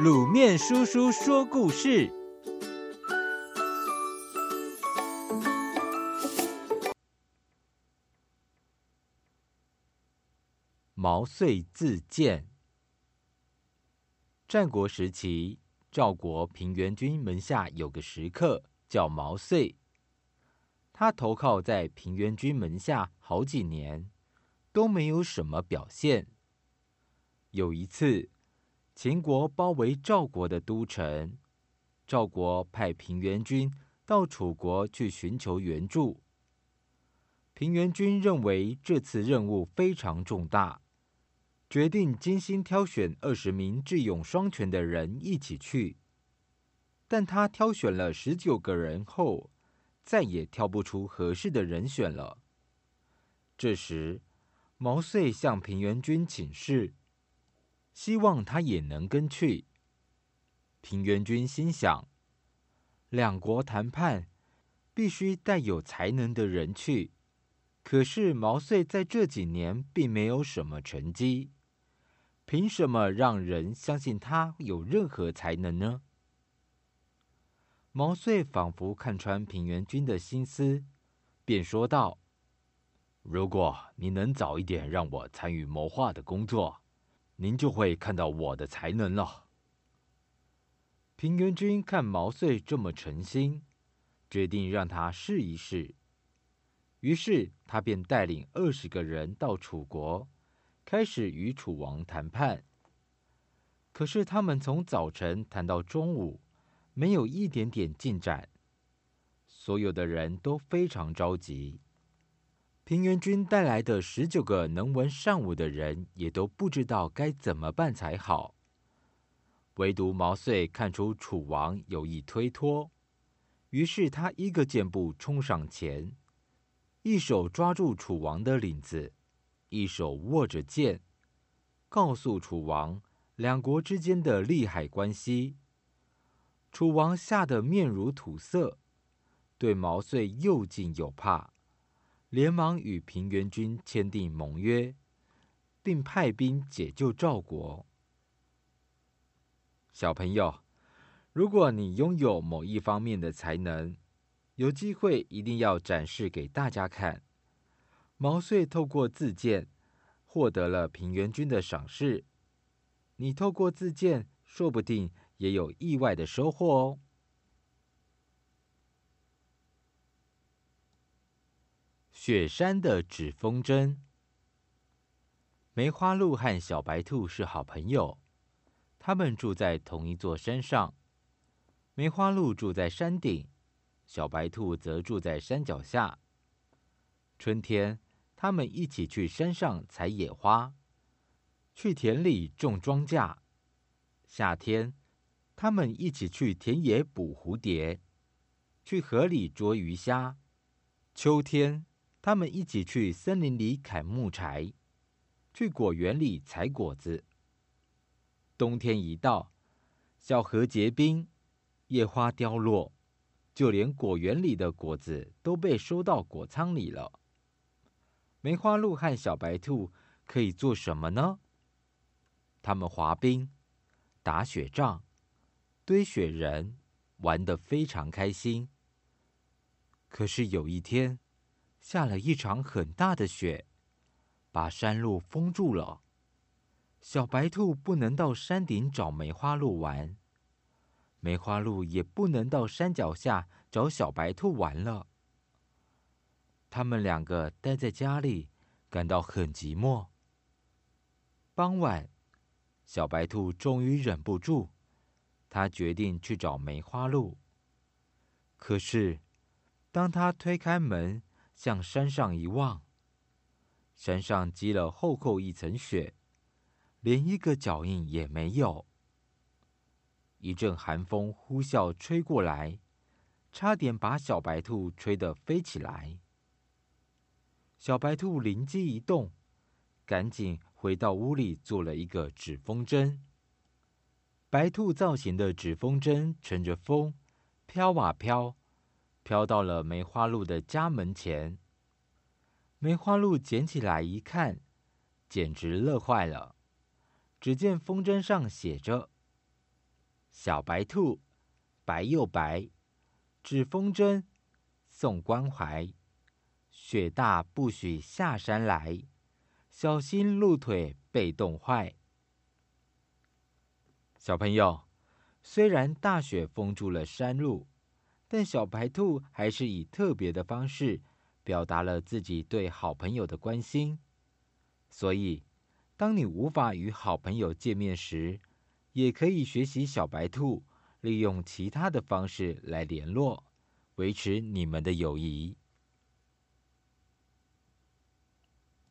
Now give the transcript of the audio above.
滷麵叔叔說故事：毛遂自薦。戰國時期，趙國平原君門下有個食客叫毛遂，他投靠在平原君門下好幾年，都沒有什麼表現。有一次，秦國包圍趙國的都城，趙國派平原君到楚國去尋求援助。平原君認為這次任務非常重大，決定精心挑選二十名智勇雙全的人一起去。但他挑選了十九個人後，再也挑不出合適的人選了。這時，毛遂向平原君請示。希望他也能跟去。平原君心想，兩國談判必須帶有才能的人去，可是毛遂在這幾年並沒有什麼成績，憑什麼讓人相信他有任何才能呢？毛遂仿佛看穿平原君的心思，便說道：“如果你能早一點讓我參與謀劃的工作，您就會看到我的才能了。”平原君看毛遂這麼誠心，決定讓他試一試。於是他便帶領二十個人到楚國，開始與楚王談判。可是他們從早晨談到中午，沒有一點點進展，所有的人都非常着急。平原君帶來的十九個能文善武的人也都不知道該怎麼辦才好，唯獨毛遂看出楚王有意推脫，於是他一個箭步衝上前，一手抓住楚王的領子，一手握着劍，告訴楚王兩國之間的利害關係。楚王嚇得面如土色，對毛遂又敬又怕。連忙與平原君簽訂盟約，並派兵解救趙國。小朋友，如果你擁有某一方面的才能，有機會一定要展示給大家看。毛遂透過自薦，獲得了平原君的賞識。你透過自薦，說不定也有意外的收穫哦。雪山的紙風箏。梅花鹿和小白兔是好朋友，他們住在同一座山上。梅花鹿住在山頂，小白兔則住在山腳下。春天，他們一起去山上採野花，去田裡種莊稼。夏天，他們一起去田野捕蝴蝶，去河裡捉魚蝦。秋天，他們一起去森林裡砍木柴，去果園裡採果子。冬天一到，小河結冰，野花凋落，就連果園裡的果子都被收到果倉裡了。梅花鹿和小白兔可以做什麼呢？他們滑冰、打雪仗、堆雪人，玩得非常開心。可是有一天，下了一場很大的雪，把山路封住了。小白兔不能到山頂找梅花鹿玩，梅花鹿也不能到山腳下找小白兔玩了。他們兩個待在家裡，感到很寂寞。傍晚，小白兔終於忍不住，它決定去找梅花鹿。可是，當它推開門，向山上一望，山上積了厚厚一層雪，連一個腳印也沒有。一陣寒風呼嘯吹過來，差點把小白兔吹得飛起來。小白兔靈機一動，趕緊回到屋裡做了一個紙風箏。白兔造型的紙風箏乘着風，飄啊飄。飄到了梅花鹿的家門前。梅花鹿撿起來一看，簡直樂壞了。只見風箏上寫着：“小白兔，白又白，紙風箏，送關懷。雪大不許下山來，小心鹿腿被凍壞。”小朋友，雖然大雪封住了山路，但小白兔還是以特別的方式表達了自己對好朋友的關心，所以，當你無法與好朋友見面時，也可以學習小白兔，利用其他的方式來聯絡，維持你們的友誼。